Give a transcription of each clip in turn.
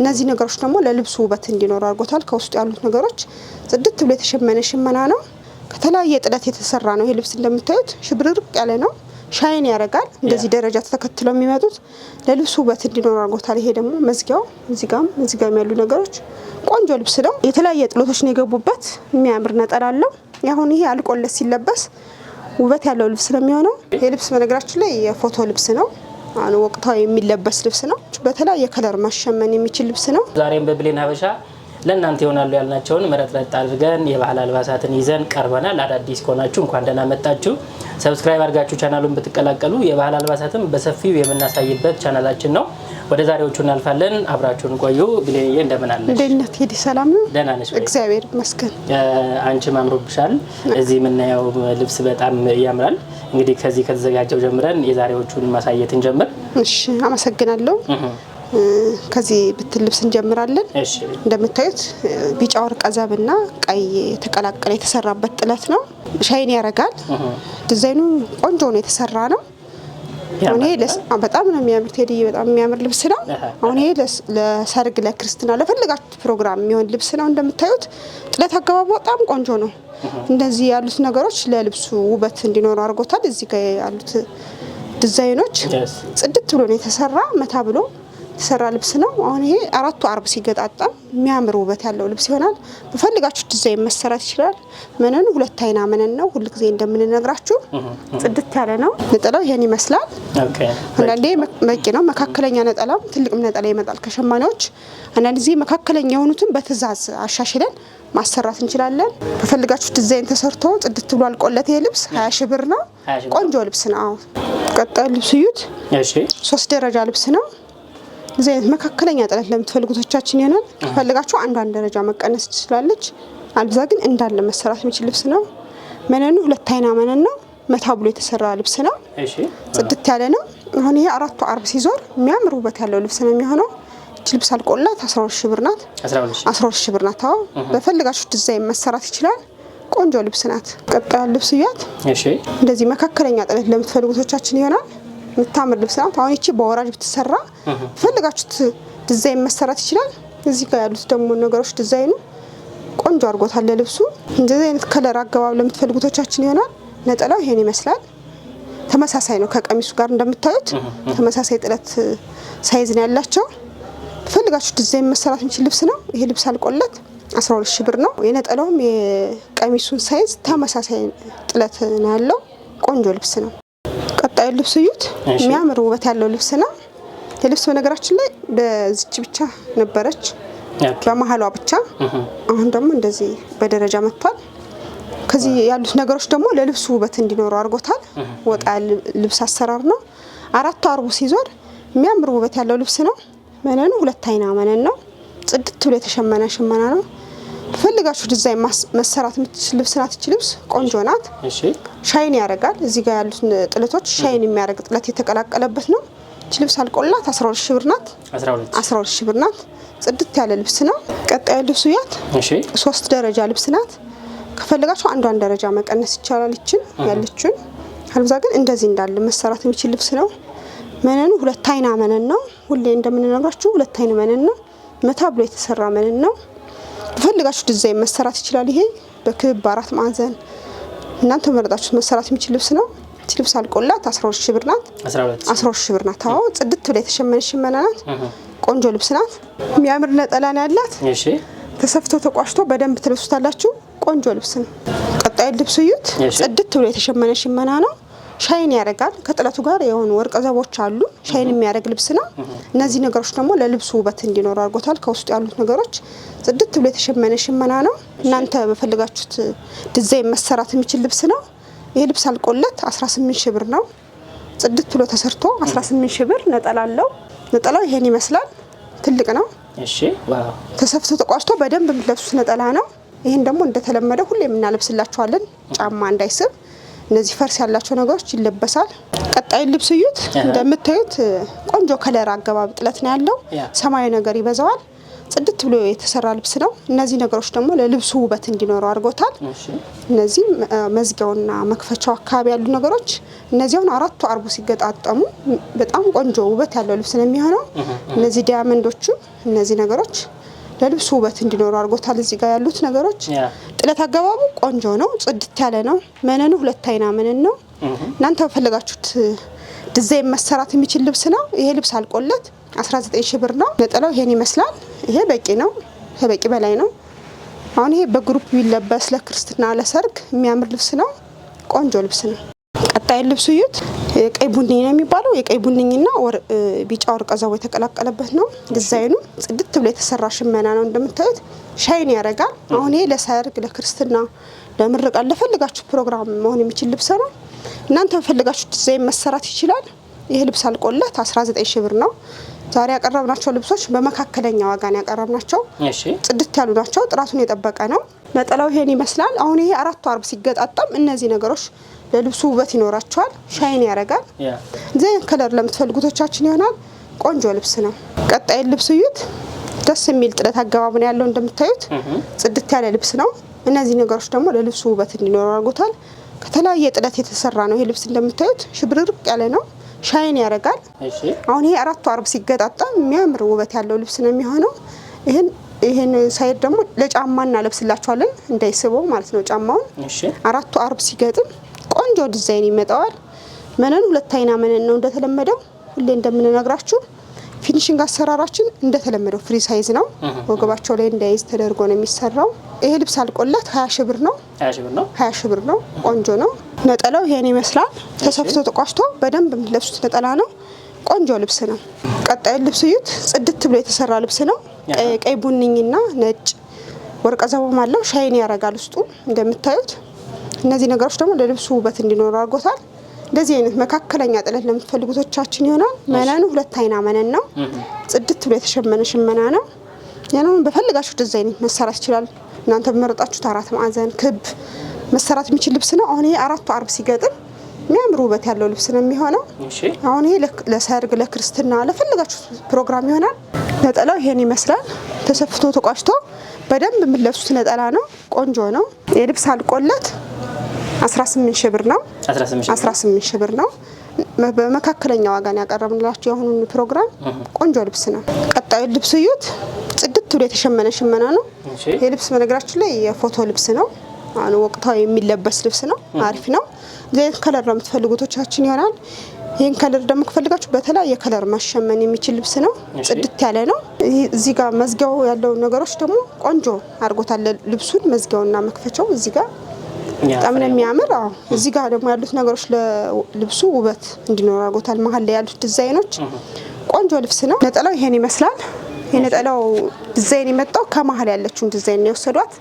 እነዚህ ነገሮች ደግሞ ለልብሱ ውበት እንዲኖሩ አድርጎታል። ከውስጡ ያሉት ነገሮች ጽድት ብሎ የተሸመነ ሽመና ነው። ከተለያየ ጥለት የተሰራ ነው። ይህ ልብስ እንደምታዩት ሽብርርቅ ያለ ነው። ሻይን ያደርጋል። እንደዚህ ደረጃ ተተከትለው የሚመጡት ለልብሱ ውበት እንዲኖር አድርጎታል። ይሄ ደግሞ መዝጊያው እዚጋም እዚጋም ያሉ ነገሮች ቆንጆ ልብስ ነው። የተለያየ ጥሎቶች ነው የገቡበት። የሚያምር ነጠላ አለው። አሁን ይሄ አልቆለት ሲለበስ ውበት ያለው ልብስ ነው የሚሆነው። ይህ ልብስ በነገራችን ላይ የፎቶ ልብስ ነው። ወቅታዊ የሚለበስ ልብስ ነው። በተለያየ ከለር ማሸመን የሚችል ልብስ ነው። ዛሬም በብሌን ሀበሻ ለእናንተ ይሆናሉ ያልናቸውን መረጥ ረጥ አድርገን የባህል አልባሳትን ይዘን ቀርበናል። አዳዲስ ከሆናችሁ እንኳን ደህና መጣችሁ። ሰብስክራይብ አድርጋችሁ ቻናሉን ብትቀላቀሉ የባህል አልባሳትን በሰፊው የምናሳይበት ቻናላችን ነው። ወደ ዛሬዎቹ እናልፋለን። አብራችሁን ቆዩ። ብሌንዬ እንደምን አለሽ? እንዴት ሄዲ ሰላም ነው። ደህና ነሽ? እግዚአብሔር ይመስገን። አንቺም አምሮብሻል። እዚህ የምናየው ልብስ በጣም ያምራል። እንግዲህ ከዚህ ከተዘጋጀው ጀምረን የዛሬዎቹን ማሳየት እንጀምር። እሺ፣ አመሰግናለሁ። ከዚህ ብትል ልብስ እንጀምራለን። እንደምታዩት ቢጫ ወርቀ ዘብና ቀይ የተቀላቀለ የተሰራበት ጥለት ነው። ሻይን ያረጋል። ዲዛይኑ ቆንጆ ነው የተሰራ ነው። አሁን ይሄ በጣም ነው የሚያምር ቴዲ፣ በጣም የሚያምር ልብስ ነው። አሁን ይሄ ለሰርግ፣ ለክርስትና፣ ለፈለጋችሁት ፕሮግራም የሚሆን ልብስ ነው። እንደምታዩት ጥለት አገባቡ በጣም ቆንጆ ነው። እንደዚህ ያሉት ነገሮች ለልብሱ ውበት እንዲኖረው አድርጎታል። እዚህ ጋር ያሉት ዲዛይኖች ጽድት ብሎ ነው የተሰራ መታ ብሎ የተሰራ ልብስ ነው። አሁን ይሄ አራቱ አርብ ሲገጣጠም የሚያምር ውበት ያለው ልብስ ይሆናል። በፈልጋችሁ ዲዛይን መሰራት ይችላል። መነኑ ሁለት አይና መነን ነው። ሁል ጊዜ እንደምንነግራችሁ ጽድት ያለ ነው። ነጠላው ይሄን ይመስላል። አንዳንዴ በቂ ነው። መካከለኛ ነጠላም ትልቅም ነጠላ ይመጣል ከሸማኔዎች። አንዳንድ ጊዜ መካከለኛ የሆኑትን በትዕዛዝ አሻሽለን ማሰራት እንችላለን። በፈልጋችሁ ዲዛይን ተሰርቶ ጽድት ብሎ አልቆለት ይሄ ልብስ ሀያ ሺ ብር ነው። ቆንጆ ልብስ ነው። ቀጣዩ ልብስ እዩት። ሶስት ደረጃ ልብስ ነው። እዚህ አይነት መካከለኛ ጥለት ለምትፈልጉቶቻችን ይሆናል። ከፈለጋችሁ አንዷን ደረጃ መቀነስ ትችላለች። አልብዛ ግን እንዳለ መሰራት የሚችል ልብስ ነው። መነኑ ሁለት አይና መነን ነው። መታ ብሎ የተሰራ ልብስ ነው። ጽድት ያለ ነው። አሁን ይሄ አራቱ አርብ ሲዞር የሚያምር ውበት ያለው ልብስ ነው የሚሆነው። እች ልብስ አልቆላት 12 ሺ ብር ናት። 12 ሺ ብር ናት። አዎ በፈልጋችሁ ዲዛይን መሰራት ይችላል። ቆንጆ ልብስ ናት። ቀጣ ልብስ እያት። እንደዚህ መካከለኛ ጥለት ለምትፈልጉቶቻችን ይሆናል። የምታምር ልብስ ናት። አሁን ይቺ በወራጅ ብትሰራ ፈልጋችሁት ዲዛይን መሰራት ይችላል። እዚህ ጋር ያሉት ደግሞ ነገሮች ዲዛይኑ ቆንጆ አድርጎታል ለልብሱ። እንደዚህ አይነት ከለር አገባብ ለምትፈልጉቶቻችን ይሆናል። ነጠላው ይሄን ይመስላል። ተመሳሳይ ነው ከቀሚሱ ጋር እንደምታዩት ተመሳሳይ ጥለት ሳይዝ ነው ያላቸው። ፈልጋችሁ ዲዛይን መሰራት የሚችል ልብስ ነው። ይሄ ልብስ አልቆለት 12 ሺህ ብር ነው። የነጠላውም የቀሚሱን ሳይዝ ተመሳሳይ ጥለት ነው ያለው። ቆንጆ ልብስ ነው። ቀጣዩ ልብስ እዩት። የሚያምር ውበት ያለው ልብስ ነው። የልብስ በነገራችን ላይ በዚች ብቻ ነበረች፣ በመሀሏ ብቻ። አሁን ደግሞ እንደዚህ በደረጃ መጥቷል። ከዚህ ያሉት ነገሮች ደግሞ ለልብሱ ውበት እንዲኖሩ አድርጎታል። ወጣ ልብስ አሰራር ነው። አራቱ አርቡ ሲዞር የሚያምር ውበት ያለው ልብስ ነው። መነኑ ሁለት አይና መነን ነው። ጽድት ብሎ የተሸመነ ሽመና ነው። ፈልጋችሁ ዲዛይን መሰራት የምትችል ልብስ ናት። ይች ልብስ ቆንጆ ናት። ሻይን ያደርጋል። እዚህ ጋር ያሉት ጥለቶች ሻይን የሚያደርግ ጥለት የተቀላቀለበት ነው። ይች ልብስ አልቆላት 12 ሺህ ብር ናት። 12 ሺህ ብር ናት። ጽድት ያለ ልብስ ነው። ቀጣዩ ልብሱ ያት ሶስት ደረጃ ልብስ ናት። ከፈለጋችሁ አንዷን ደረጃ መቀነስ ይቻላል። ይችን ያለችን አልብዛ ግን እንደዚህ እንዳለ መሰራት የሚችል ልብስ ነው። መነኑ ሁለት አይና መነን ነው። ሁሌ እንደምንነግራችሁ ሁለት አይን መነን ነው። መታ ብሎ የተሰራ መነን ነው። ፈልጋችሁ ዲዛይን መሰራት ይችላል። ይሄ በክብ በአራት ማዕዘን እናንተ መረጣችሁት መሰራት የሚችል ልብስ ነው። ች ልብስ አልቆላት 12 ሺህ ብር ናት። 12 ሺህ ብር ናት። አዎ ጽድት ብላ የተሸመነ ሽመና ናት። ቆንጆ ልብስ ናት። የሚያምር ነጠላ ነው ያላት። እሺ ተሰፍቶ ተቋሽቶ በደንብ ትለብሱታላችሁ። ቆንጆ ልብስ ነው። ቀጣይ ልብስ እዩት። ጽድት ብሎ የተሸመነ ሽመና ነው። ሻይን ያደርጋል። ከጥለቱ ጋር የሆኑ ወርቀ ዘቦች አሉ። ሻይን የሚያደርግ ልብስ ነው። እነዚህ ነገሮች ደግሞ ለልብሱ ውበት እንዲኖሩ አድርጎታል። ከውስጡ ያሉት ነገሮች ጽድት ብሎ የተሸመነ ሽመና ነው። እናንተ በፈልጋችሁት ዲዛይን መሰራት የሚችል ልብስ ነው። ይህ ልብስ አልቆለት 18 ሺህ ብር ነው። ጽድት ብሎ ተሰርቶ 18 ሺህ ብር። ነጠላ አለው። ነጠላው ይሄን ይመስላል። ትልቅ ነው። ተሰፍቶ ተቋጭቶ በደንብ የምትለብሱት ነጠላ ነው። ይህን ደግሞ እንደተለመደ ሁሌ የምናለብስላችኋለን። ጫማ እንዳይስብ እነዚህ ፈርስ ያላቸው ነገሮች ይለበሳል። ቀጣይ ልብስ እዩት። እንደምታዩት ቆንጆ ከለር አገባብ ጥለት ነው ያለው። ሰማያዊ ነገር ይበዛዋል። ጽድት ብሎ የተሰራ ልብስ ነው። እነዚህ ነገሮች ደግሞ ለልብሱ ውበት እንዲኖረው አድርጎታል። እነዚህ መዝጊያውና መክፈቻው አካባቢ ያሉ ነገሮች እነዚያውን አራቱ አርቡ ሲገጣጠሙ በጣም ቆንጆ ውበት ያለው ልብስ ነው የሚሆነው። እነዚህ ዲያመንዶቹ እነዚህ ነገሮች ለልብሱ ውበት እንዲኖረው አድርጎታል። እዚህ ጋር ያሉት ነገሮች ጥለት አገባቡ ቆንጆ ነው፣ ጽድት ያለ ነው። መነኑ ሁለት አይና መነን ነው። እናንተ በፈለጋችሁት ዲዛይን መሰራት የሚችል ልብስ ነው። ይሄ ልብስ አልቆለት 19 ሺህ ብር ነው። ነጠላው ይሄን ይመስላል። ይሄ በቂ ነው፣ ከበቂ በላይ ነው። አሁን ይሄ በግሩፕ ቢለበስ ለክርስትና፣ ለሰርግ የሚያምር ልብስ ነው። ቆንጆ ልብስ ነው። ቀጣይ ልብስ እዩት። ቀይ ቡኒ ነው የሚባለው። የቀይ ቡኒና ቢጫ ወርቀ ዘቦ የተቀላቀለበት ነው። ዲዛይኑ ጽድት ብሎ የተሰራ ሽመና ነው እንደምታዩት፣ ሻይን ያደርጋል። አሁን ይሄ ለሰርግ፣ ለክርስትና፣ ለምርቃት ለፈልጋችሁ ፕሮግራም መሆን የሚችል ልብስ ነው። እናንተ ፈልጋችሁ ዲዛይን መሰራት ይችላል። ይህ ልብስ አልቆለት 19 ሺ ብር ነው። ዛሬ ያቀረብናቸው ልብሶች በመካከለኛ ዋጋ ነው ያቀረብናቸው። ጽድት ያሉ ናቸው። ጥራቱን የጠበቀ ነው። ነጠላው ይሄን ይመስላል። አሁን ይሄ አራቱ አርብ ሲገጣጠም እነዚህ ነገሮች ለልብሱ ውበት ይኖራቸዋል፣ ሻይን ያደርጋል። እንደዚህ ከለር ለምትፈልጉቶቻችን ይሆናል። ቆንጆ ልብስ ነው። ቀጣይ ልብስ እዩት። ደስ የሚል ጥለት አገባብ ነው ያለው። እንደምታዩት ጽድት ያለ ልብስ ነው። እነዚህ ነገሮች ደግሞ ለልብሱ ውበት እንዲኖር አድርጎታል። ከተለያየ ጥለት የተሰራ ነው ይሄ ልብስ እንደምታዩት ሽብርርቅ ያለ ነው። ሻይን ያደርጋል። አሁን ይሄ አራቱ አርብ ሲገጣጠም የሚያምር ውበት ያለው ልብስ ነው የሚሆነው። ይህን ይህን ሳይድ ደግሞ ለጫማ እናለብስላቸዋለን እንዳይስበው ማለት ነው። ጫማውን አራቱ አርብ ሲገጥም ቆንጆ ዲዛይን ይመጣዋል። መነን ሁለት አይና መነን ነው እንደተለመደው ሁሌ እንደምንነግራችሁ ፊኒሽንግ አሰራራችን እንደተለመደው ፍሪ ሳይዝ ነው። ወገባቸው ላይ እንዳይዝ ተደርጎ ነው የሚሰራው። ይሄ ልብስ አልቆላት ሀያ ሺ ብር ነው። ሀያ ሺ ብር ነው። ቆንጆ ነው። ነጠላው ይሄን ይመስላል። ተሰፍቶ ተቋሽቶ በደንብ የምትለብሱት ነጠላ ነው። ቆንጆ ልብስ ነው። ቀጣይ ልብስ እዩት። ጽድት ብሎ የተሰራ ልብስ ነው። ቀይ ቡኒኝና ነጭ ወርቀ ዘቦም አለው። ሻይን ያረጋል ውስጡ እንደምታዩት እነዚህ ነገሮች ደግሞ ለልብሱ ውበት እንዲኖሩ አድርጎታል። እንደዚህ አይነት መካከለኛ ጥለት ለምትፈልጉቶቻችን ይሆናል። መነኑ ሁለት አይና መነን ነው። ጽድት ብሎ የተሸመነ ሽመና ነው። ያንን በፈልጋችሁ ዲዛይን መሰራት ይችላል። እናንተ በመረጣችሁት አራት ማዕዘን ክብ መሰራት የሚችል ልብስ ነው። አሁን ይሄ አራቱ አርብ ሲገጥም የሚያምር ውበት ያለው ልብስ ነው የሚሆነው። አሁን ይሄ ለሰርግ፣ ለክርስትና፣ ለፈልጋችሁ ፕሮግራም ይሆናል። ነጠላው ይሄን ይመስላል። ተሰፍቶ ተቋጭቶ በደንብ የምትለብሱት ነጠላ ነው። ቆንጆ ነው። የልብስ አልቆለት 18 ሺህ ብር ነው። 18 ሺህ ብር ነው። በመካከለኛ ዋጋ ነው ያቀረብንላችሁ። የአሁኑን ፕሮግራም ቆንጆ ልብስ ነው። ቀጣዩ ልብስ እዩት። ጽድት ብሎ የተሸመነ ሽመና ነው። የልብስ በነገራችን ላይ የፎቶ ልብስ ነው። አሁን ወቅታዊ የሚለበስ ልብስ ነው። አሪፍ ነው። እዚህ ከለር ነው የምትፈልጉቶቻችን ይሆናል። ይህን ከለር ደግሞ ከፈልጋችሁ በተለያየ ከለር ማሸመን የሚችል ልብስ ነው። ጽድት ያለ ነው። እዚህ ጋር መዝጊያው ያለውን ነገሮች ደግሞ ቆንጆ አድርጎታል ልብሱን። መዝጊያውና መክፈቻው እዚህ ጋር በጣም ነው የሚያምር። አዎ እዚህ ጋር ደግሞ ያሉት ነገሮች ለልብሱ ውበት እንዲኖር አድርጎታል። መሀል ላይ ያሉት ዲዛይኖች ቆንጆ ልብስ ነው። ነጠላው ይሄን ይመስላል። የነጠላው ዲዛይን የመጣው ከመሀል ያለችውን ዲዛይን ነው የወሰዷት።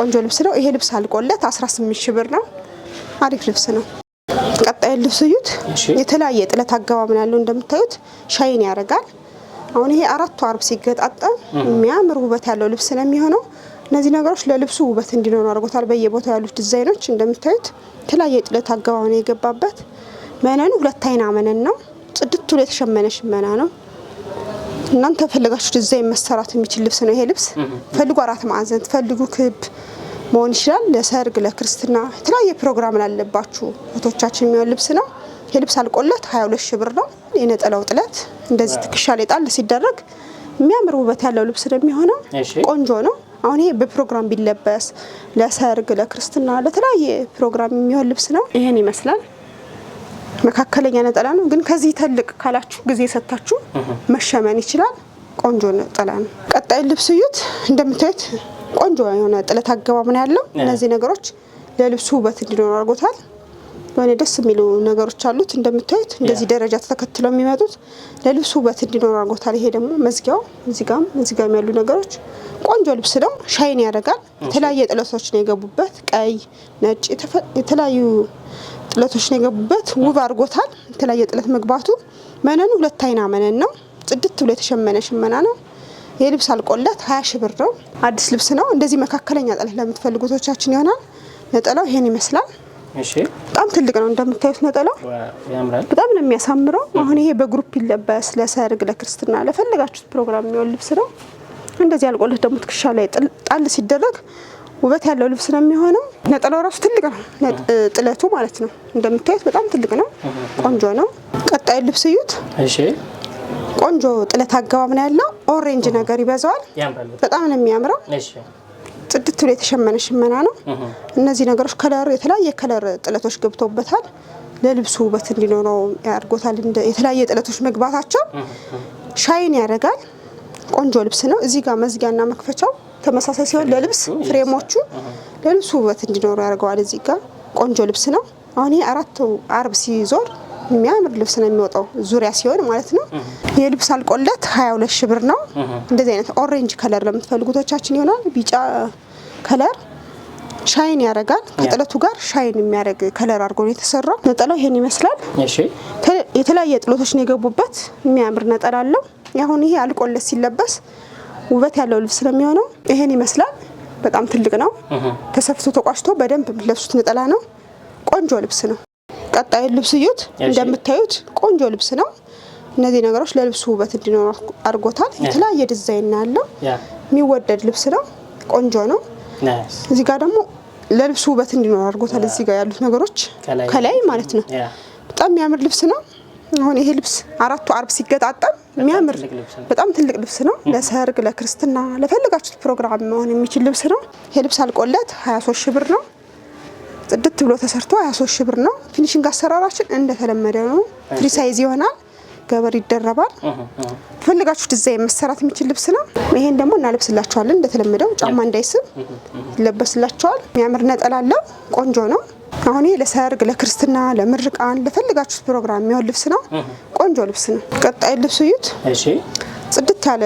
ቆንጆ ልብስ ነው። ይሄ ልብስ አልቆለት 18 ሺህ ብር ነው። አሪፍ ልብስ ነው። ቀጣይ ልብስ እዩት። የተለያየ ጥለት አገባብ ነው ያለው። እንደምታዩት ሻይን ያደርጋል። አሁን ይሄ አራቱ አርብ ሲገጣጠም የሚያምር ውበት ያለው ልብስ ነው የሚሆነው እነዚህ ነገሮች ለልብሱ ውበት እንዲኖሩ አድርጎታል። በየቦታው ያሉት ዲዛይኖች እንደምታዩት የተለያየ ጥለት አገባብ ነው የገባበት። መነኑ ሁለት አይና መነን ነው። ጽድት ብሎ የተሸመነ ሽመና ነው። እናንተ ፈልጋችሁ ዲዛይን መሰራት የሚችል ልብስ ነው ይሄ ልብስ። ፈልጉ አራት ማዕዘን ትፈልጉ ክብ መሆን ይችላል። ለሰርግ፣ ለክርስትና የተለያየ ፕሮግራም ላለባችሁ ፎቶቻችን የሚሆን ልብስ ነው። የልብስ አልቆለት 22 ሺ ብር ነው። የነጠላው ጥለት እንደዚህ ትከሻ ላይ ጣል ሲደረግ የሚያምር ውበት ያለው ልብስ ነው የሚሆነው። ቆንጆ ነው። አሁን ይሄ በፕሮግራም ቢለበስ ለሰርግ፣ ለክርስትና፣ ለተለያየ ፕሮግራም የሚሆን ልብስ ነው። ይሄን ይመስላል። መካከለኛ ነጠላ ነው፣ ግን ከዚህ ተልቅ ካላችሁ ጊዜ ሰጥታችሁ መሸመን ይችላል። ቆንጆ ነጠላ ነው። ቀጣይ ልብስ እዩት። እንደምታዩት ቆንጆ የሆነ ጥለት አገባብ ነው ያለው። እነዚህ ነገሮች ለልብሱ ውበት እንዲኖር አድርጎታል። የሆነ ደስ የሚሉ ነገሮች አሉት። እንደምታዩት እንደዚህ ደረጃ ተተከትለው የሚመጡት ለልብሱ ውበት እንዲኖር አርጎታል ይሄ ደግሞ መዝጊያው እዚህ ጋም እዚህ ጋም ያሉ ነገሮች ቆንጆ ልብስ ነው። ሻይን ያደርጋል። የተለያየ ጥለቶች ነው የገቡበት፣ ቀይ፣ ነጭ የተለያዩ ጥለቶች ነው የገቡበት። ውብ አድርጎታል። የተለያየ ጥለት መግባቱ መነኑ ሁለት አይና መነን ነው። ጽድት ብሎ የተሸመነ ሽመና ነው። የልብስ አልቆለት ሀያ ሺ ብር ነው። አዲስ ልብስ ነው። እንደዚህ መካከለኛ ጥለት ለምትፈልጉቶቻችን ይሆናል። ነጠላው ይሄን ይመስላል። በጣም ትልቅ ነው እንደምታዩት ነጠላው በጣም ነው የሚያሳምረው። አሁን ይሄ በግሩፕ ይለበስ ለሰርግ፣ ለክርስትና፣ ለፈለጋችሁት ፕሮግራም የሚሆን ልብስ ነው። እንደዚህ አልቆለት ደግሞ ትከሻ ላይ ጣል ሲደረግ ውበት ያለው ልብስ ነው የሚሆነው። ነጠላው ራሱ ትልቅ ነው ጥለቱ ማለት ነው። እንደምታዩት በጣም ትልቅ ነው፣ ቆንጆ ነው። ቀጣዩ ልብስ እዩት። ቆንጆ ጥለት አገባብ ነው ያለው። ኦሬንጅ ነገር ይበዛዋል። በጣም ነው የሚያምረው። ጽድት ብሎ የተሸመነ ሽመና ነው። እነዚህ ነገሮች ከለር የተለያየ ከለር ጥለቶች ገብተውበታል። ለልብሱ ውበት እንዲኖረው ያድርጎታል። የተለያየ ጥለቶች መግባታቸው ሻይን ያደርጋል። ቆንጆ ልብስ ነው። እዚህ ጋር መዝጊያና መክፈቻው ተመሳሳይ ሲሆን ለልብስ ፍሬሞቹ ለልብሱ ውበት እንዲኖሩ ያደርገዋል። እዚህ ጋር ቆንጆ ልብስ ነው። አሁን ይሄ አራቱ አርብ ሲዞር የሚያምር ልብስ ነው የሚወጣው ዙሪያ ሲሆን ማለት ነው። የልብስ አልቆለት ሀያ ሁለት ሺ ብር ነው። እንደዚህ አይነት ኦሬንጅ ከለር ለምትፈልጉቶቻችን ይሆናል። ቢጫ ከለር ሻይን ያደርጋል። ከጥለቱ ጋር ሻይን የሚያደርግ ከለር አድርጎ ነው የተሰራው። ነጠላው ይሄን ይመስላል። የተለያየ ጥለቶች ነው የገቡበት። የሚያምር ነጠላ አለው። አሁን ይሄ አልቆለት ሲለበስ ውበት ያለው ልብስ ነው የሚሆነው። ይሄን ይመስላል። በጣም ትልቅ ነው። ተሰፍቶ ተቋጭቶ በደንብ የምትለብሱት ነጠላ ነው። ቆንጆ ልብስ ነው። ቀጣዩን ልብስ እዩት። እንደምታዩት ቆንጆ ልብስ ነው። እነዚህ ነገሮች ለልብሱ ውበት እንዲኖር አድርጎታል። የተለያየ ዲዛይን ያለው የሚወደድ ልብስ ነው። ቆንጆ ነው። እዚህ ጋር ደግሞ ለልብሱ ውበት እንዲኖር አድርጎታል። እዚህ ጋር ያሉት ነገሮች ከላይ ማለት ነው። በጣም የሚያምር ልብስ ነው። አሁን ይሄ ልብስ አራቱ አርብ ሲገጣጠም የሚያምር በጣም ትልቅ ልብስ ነው። ለሰርግ፣ ለክርስትና፣ ለፈለጋችሁት ፕሮግራም መሆን የሚችል ልብስ ነው። ይሄ ልብስ አልቆለት 23 ሺ ብር ነው። ጽድት ብሎ ተሰርቶ 23 ሺህ ብር ነው። ፊኒሽንግ አሰራራችን እንደተለመደ ነው። ፍሪ ሳይዝ ይሆናል። ገበር ይደረባል። ፈልጋችሁ ዲዛይን መሰራት የሚችል ልብስ ነው። ይሄን ደግሞ እናለብስላቸዋለን እንደተለመደው ጫማ እንዳይስብ ይለበስላችኋል። የሚያምር ነጠላ አለው። ቆንጆ ነው። አሁን ይሄ ለሰርግ፣ ለክርስትና፣ ለምርቃን ለፈልጋችሁት ፕሮግራም የሚሆን ልብስ ነው። ቆንጆ ልብስ ነው። ቀጣይ ልብስ እዩት። ጽድት ያለ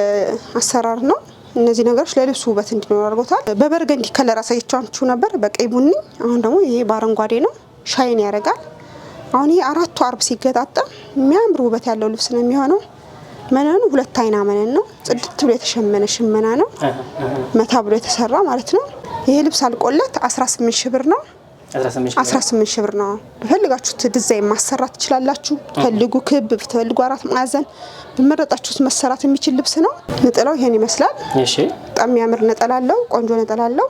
አሰራር ነው። እነዚህ ነገሮች ለልብሱ ውበት እንዲኖር አድርጎታል። በበርገንዲ ከለር አሳየቻችሁ ነበር፣ በቀይ ቡኒ። አሁን ደግሞ ይሄ በአረንጓዴ ነው፣ ሻይን ያደርጋል። አሁን ይሄ አራቱ አርብ ሲገጣጠም የሚያምር ውበት ያለው ልብስ ነው የሚሆነው። መነኑ ሁለት አይና መነን ነው። ጽድት ብሎ የተሸመነ ሽመና ነው፣ መታ ብሎ የተሰራ ማለት ነው። ይሄ ልብስ አልቆለት 18 ሺ ብር ነው። 18 ሺህ ብር ነው። በፈልጋችሁት ዲዛይን ማሰራት ትችላላችሁ። ፈልጉ ክብ ፈልጉ አራት ማዕዘን በመረጣችሁት መሰራት የሚችል ልብስ ነው። ነጠላው ይሄን ይመስላል። እሺ፣ በጣም የሚያምር ነጠላ አለው። ቆንጆ ነጠላ አለው።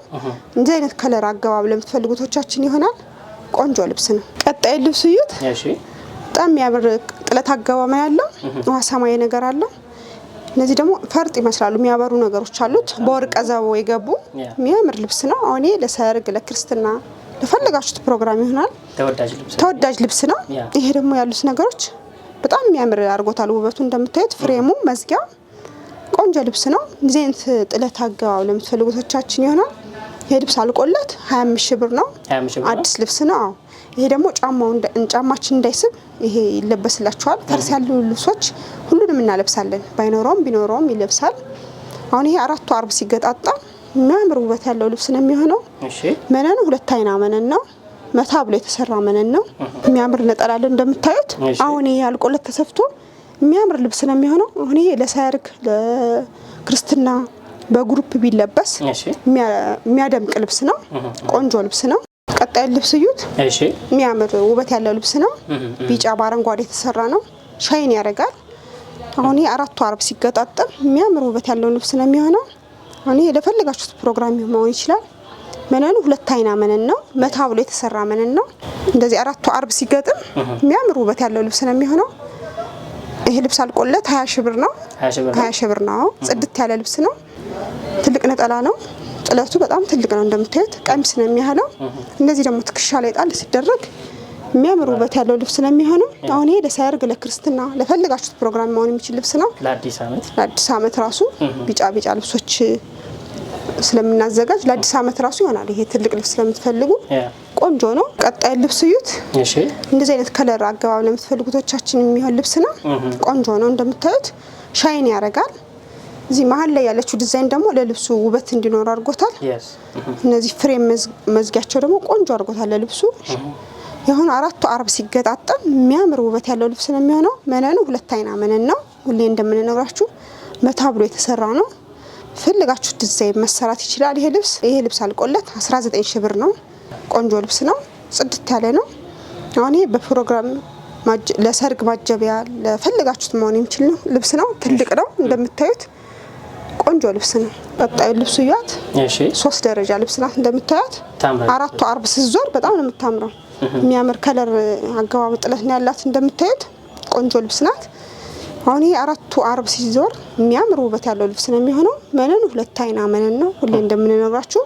አይነት ከለር አገባብ ለምትፈልጉቶቻችን ይሆናል። ቆንጆ ልብስ ነው። ቀጣይ ልብስ እዩት። እሺ፣ በጣም የሚያምር ጥለት አገባብ ያለው ውሃ ሰማያዊ ነገር አለው። እነዚህ ደግሞ ፈርጥ ይመስላሉ የሚያበሩ ነገሮች አሉት። በወርቀ ዘቦ የገቡ የሚያምር ልብስ ነው። አሁን ለሰርግ ለክርስትና ለፈለጋችሁት ፕሮግራም ይሆናል። ተወዳጅ ልብስ ነው። ይሄ ደግሞ ያሉት ነገሮች በጣም የሚያምር አድርጎታል። ውበቱ እንደምታዩት ፍሬሙ፣ መዝጊያ ቆንጆ ልብስ ነው። እንደዚህ አይነት ጥለት አገባብ ለምትፈልጉቶቻችን ይሆናል። ይሄ ልብስ አልቆለት 25 ሺህ ብር ነው። አዲስ ልብስ ነው። አዎ ይሄ ደግሞ ጫማው ጫማችን እንዳይስብ ይሄ ይለበስላችኋል። ፈርስ ያሉ ልብሶች ሁሉንም እናለብሳለን። ባይኖረውም ቢኖረውም ይለብሳል። አሁን ይሄ አራቱ አርብ ሲገጣጣም የሚያምር ውበት ያለው ልብስ ነው የሚሆነው። መነኑ ሁለት አይና መነን ነው መታ ብሎ የተሰራ መነን ነው። የሚያምር ነጠላል እንደምታዩት። አሁን ይሄ አልቆለት ተሰፍቶ የሚያምር ልብስ ነው የሚሆነው። አሁን ይሄ ለሰርግ፣ ለክርስትና በግሩፕ ቢለበስ የሚያደምቅ ልብስ ነው። ቆንጆ ልብስ ነው። ቀጣዩ ልብስ እዩት። የሚያምር ውበት ያለው ልብስ ነው። ቢጫ በአረንጓዴ የተሰራ ነው። ሻይን ያደርጋል። አሁን አራቱ አርብ ሲገጣጠም የሚያምር ውበት ያለው ልብስ ነው የሚሆነው። አሁን ለፈለጋችሁት ፕሮግራም መሆን ይችላል። መነኑ ሁለት አይና መነን ነው፣ መታ ብሎ የተሰራ መነን ነው። እንደዚህ አራቱ አርብ ሲገጥም የሚያምር ውበት ያለው ልብስ ነው የሚሆነው። ይሄ ልብስ አልቆለት ሀያ ሺህ ብር ነው። ሀያ ሺህ ብር ነው። ጽድት ያለ ልብስ ነው። ትልቅ ነጠላ ነው። ጥለቱ በጣም ትልቅ ነው እንደምታዩት፣ ቀሚስ ነው የሚያህለው። እንደዚህ ደግሞ ትከሻ ላይ ጣል ሲደረግ የሚያምር ውበት ያለው ልብስ ነው የሚሆነው። አሁን ይሄ ለሰርግ፣ ለክርስትና፣ ለፈልጋችሁት ፕሮግራም መሆን የሚችል ልብስ ነው። ለአዲስ ዓመት ራሱ ቢጫ ቢጫ ልብሶች ስለምናዘጋጅ ለአዲስ ዓመት ራሱ ይሆናል። ይሄ ትልቅ ልብስ ስለምትፈልጉ ቆንጆ ነው። ቀጣይ ልብስ እዩት። እንደዚህ አይነት ከለር አገባብ ለምትፈልጉቶቻችን የሚሆን ልብስ ነው። ቆንጆ ነው። እንደምታዩት ሻይን ያደርጋል። እዚህ መሀል ላይ ያለችው ዲዛይን ደግሞ ለልብሱ ውበት እንዲኖር አድርጎታል። እነዚህ ፍሬም መዝጊያቸው ደግሞ ቆንጆ አድርጎታል ለልብሱ የሆነ አራቱ አርብ ሲገጣጠም የሚያምር ውበት ያለው ልብስ ነው የሚሆነው። መነኑ ሁለት አይና መነን ነው። ሁሌ እንደምንነግራችሁ መታ ብሎ የተሰራ ነው። ፈልጋችሁ ዲዛይን መሰራት ይችላል። ይሄ ልብስ ይሄ ልብስ አልቆለት 19 ሺ ብር ነው። ቆንጆ ልብስ ነው። ጽድት ያለ ነው። አሁን ይሄ በፕሮግራም ለሰርግ ማጀቢያ ለፈልጋችሁት መሆን የሚችል ነው ልብስ ነው። ትልቅ ነው እንደምታዩት ቆንጆ ልብስ ነው። ቀጣዩ ልብሱ እያት ሶስት ደረጃ ልብስ ናት እንደምታያት አራቱ አርብ ስትዞር በጣም ነው የምታምረው። የሚያምር ከለር አገባብ ጥለት ነው ያላት እንደምታዩት ቆንጆ ልብስ ናት። አሁን ይሄ አራቱ አርብ ሲዞር የሚያምር ውበት ያለው ልብስ ነው የሚሆነው። መነን ሁለት አይና መነን ነው። ሁሌ እንደምንነግራችሁ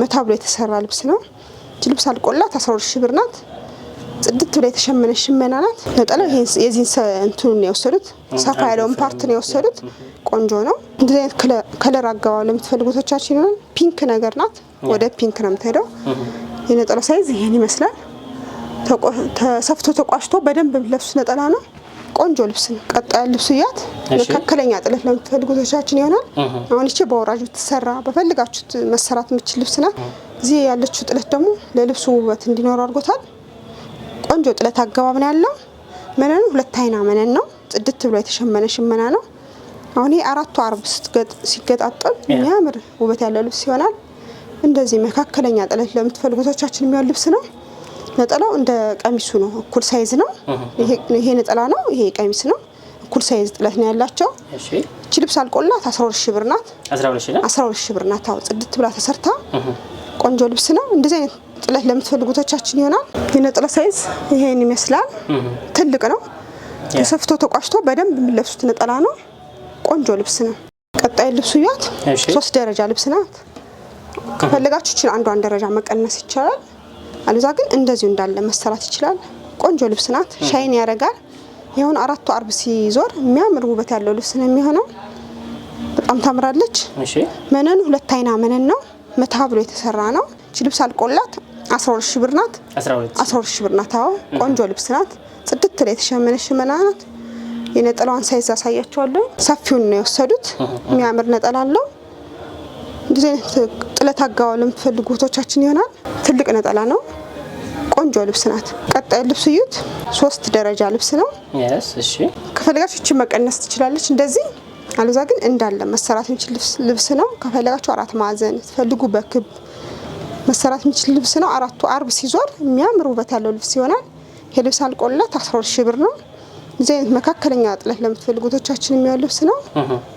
መታ ብሎ የተሰራ ልብስ ነው። ይች ልብስ አልቆላት አስራ ሁለት ሺ ብር ናት። ጽድት ብላ የተሸመነ ሽመና ናት። ነጠላው የዚህን እንትኑን ነው የወሰዱት፣ ሰፋ ያለውን ፓርት ነው የወሰዱት። ቆንጆ ነው። እንደዚህ አይነት ከለር አገባብ ለምትፈልጉቶቻችን ይሆናል። ፒንክ ነገር ናት፣ ወደ ፒንክ ነው የምትሄደው። የነጠላው ሳይዝ ይህን ይመስላል። ተሰፍቶ ተቋጭቶ በደንብ ለብሱ ነጠላ ነው። ቆንጆ ልብስ ነው። ቀጣያ ልብስ እያት መካከለኛ ጥለት ለምትፈልጉ ቶቻችን ይሆናል። አሁን እቺ በወራጅ ብትሰራ በፈልጋችሁት መሰራት የምችል ልብስ ናት። እዚህ ያለችው ጥለት ደግሞ ለልብሱ ውበት እንዲኖር አድርጎታል። ቆንጆ ጥለት አገባብ ነው ያለው። መነኑ ሁለት አይና መነን ነው። ጽድት ብሎ የተሸመነ ሽመና ነው። አሁን ይህ አራቱ አርብ ሲገጣጠም የሚያምር ውበት ያለው ልብስ ይሆናል። እንደዚህ መካከለኛ ጥለት ለምትፈልጉ ተቻችን የሚሆን ልብስ ነው። ነጠላው እንደ ቀሚሱ ነው፣ እኩል ሳይዝ ነው። ይሄ ነጠላ ነው፣ ይሄ ቀሚስ ነው። እኩል ሳይዝ ጥለት ነው ያላቸው። እቺ ልብስ አልቆላት 12 ሺህ ብር ናት። 12 ሺህ ብር ናት። አዎ ጽድት ብላ ተሰርታ ቆንጆ ልብስ ነው። እንደዚህ አይነት ጥለት ለምትፈልጉቶቻችን ይሆናል። የነጠላ ሳይዝ ይሄን ይመስላል። ትልቅ ነው። ተሰፍቶ ተቋሽቶ በደንብ የሚለብሱት ነጠላ ነው። ቆንጆ ልብስ ነው። ቀጣይ ልብሱ ያት ሶስት ደረጃ ልብስ ናት። ከፈለጋችሁ አንዷን ደረጃ መቀነስ ይቻላል። አለዛ ግን እንደዚሁ እንዳለ መሰራት ይችላል። ቆንጆ ልብስ ናት፣ ሻይን ያደርጋል። የሆነ አራቱ አርብ ሲዞር የሚያምር ውበት ያለው ልብስ ነው የሚሆነው። በጣም ታምራለች። መነኑ ሁለት አይና መነን ነው፣ መታ ብሎ የተሰራ ነው። እቺ ልብስ አልቆላት 12 ሺህ ብር ናት። 12 ሺህ ብር ናት። አዎ ቆንጆ ልብስ ናት። ጽድት ላይ የተሸመነ ሽመና ናት። የነጠላዋን ሳይዝ አሳያቸዋለሁ። ሰፊውን ነው የወሰዱት። የሚያምር ነጠላ አለው። እንደዚህ አይነት ጥለት አጋባ ለምትፈልጉ ቦቶቻችን ይሆናል። ትልቅ ነጠላ ነው። ቆንጆ ልብስ ናት። ቀጣይ ልብስ እዩት። ሶስት ደረጃ ልብስ ነው። ከፈለጋችሁ እቺ መቀነስ ትችላለች እንደዚህ አለዛ ግን እንዳለ መሰራት የሚችል ልብስ ነው። ከፈለጋችሁ አራት ማዕዘን ትፈልጉ በክብ መሰራት የሚችል ልብስ ነው። አራቱ አርብ ሲዞር የሚያምር ውበት ያለው ልብስ ይሆናል። ይሄ ልብስ አልቆላት አስራ ሁለት ሺህ ብር ነው። እዚህ አይነት መካከለኛ ጥለት ለምትፈልጉቶቻችን የሚሆን ልብስ ነው።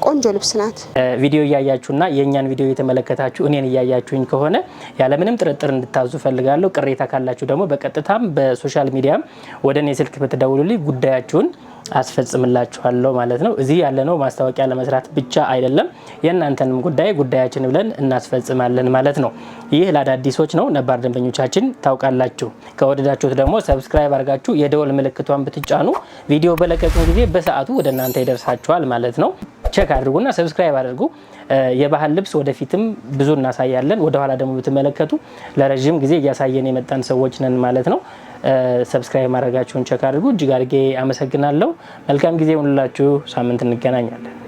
ቆንጆ ልብስ ናት። ቪዲዮ እያያችሁና የእኛን ቪዲዮ እየተመለከታችሁ እኔን እያያችሁኝ ከሆነ ያለምንም ጥርጥር እንድታዙ ፈልጋለሁ። ቅሬታ ካላችሁ ደግሞ በቀጥታም በሶሻል ሚዲያም ወደ እኔ ስልክ ብትደውሉልኝ ጉዳያችሁን አስፈጽምላችኋለሁ ማለት ነው። እዚህ ያለነው ማስታወቂያ ለመስራት ብቻ አይደለም፣ የእናንተንም ጉዳይ ጉዳያችን ብለን እናስፈጽማለን ማለት ነው። ይህ ለአዳዲሶች ነው። ነባር ደንበኞቻችን ታውቃላችሁ። ከወደዳችሁት ደግሞ ሰብስክራይብ አድርጋችሁ የደወል ምልክቷን ብትጫኑ ቪዲዮ በለቀቅን ጊዜ በሰዓቱ ወደ እናንተ ይደርሳችኋል ማለት ነው። ቸክ አድርጉና ሰብስክራይብ አድርጉ። የባህል ልብስ ወደፊትም ብዙ እናሳያለን። ወደኋላ ደግሞ ብትመለከቱ ለረዥም ጊዜ እያሳየን የመጣን ሰዎች ነን ማለት ነው። ሰብስክራይብ ማድረጋችሁን ቸክ አድርጉ። እጅግ አድርጌ አመሰግናለሁ። መልካም ጊዜ ሁንላችሁ። ሳምንት እንገናኛለን።